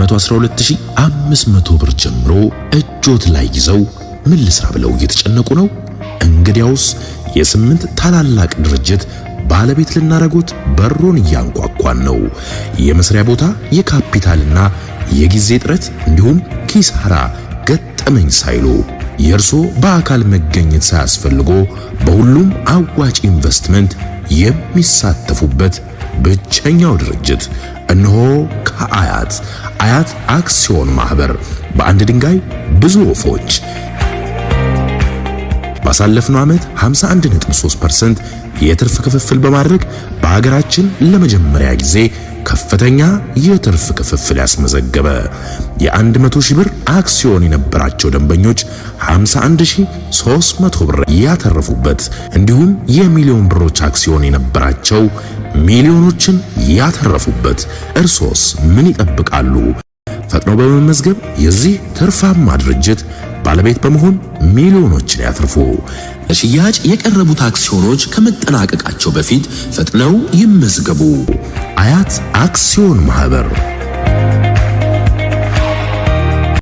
112500 ብር ጀምሮ እጆት ላይ ይዘው ምን ልስራ ብለው እየተጨነቁ ነው። እንግዲያውስ የስምንት ታላላቅ ድርጅት ባለቤት ልናረጉት በሮን እያንኳኳን ነው። የመስሪያ ቦታ የካፒታልና የጊዜ እጥረት እንዲሁም ኪሳራ ገጠመኝ ሳይሉ የእርሶ በአካል መገኘት ሳያስፈልጎ በሁሉም አዋጭ ኢንቨስትመንት የሚሳተፉበት ብቸኛው ድርጅት እነሆ ከአያት አያት አክሲዮን ማህበር በአንድ ድንጋይ ብዙ ወፎች ባሳለፍነው ዓመት 51.3% የትርፍ ክፍፍል በማድረግ በሀገራችን ለመጀመሪያ ጊዜ ከፍተኛ የትርፍ ክፍፍል ያስመዘገበ የ100 ሺህ ብር አክሲዮን የነበራቸው ደንበኞች 51300 ብር ያተረፉበት እንዲሁም የሚሊዮን ብሮች አክሲዮን የነበራቸው ሚሊዮኖችን ያተረፉበት። እርሶስ ምን ይጠብቃሉ? ፈጥኖ በመመዝገብ የዚህ ትርፋማ ድርጅት ባለቤት በመሆን ሚሊዮኖችን ያትርፉ። ለሽያጭ የቀረቡት አክሲዮኖች ከመጠናቀቃቸው በፊት ፈጥነው ይመዝገቡ። አያት አክሲዮን ማህበር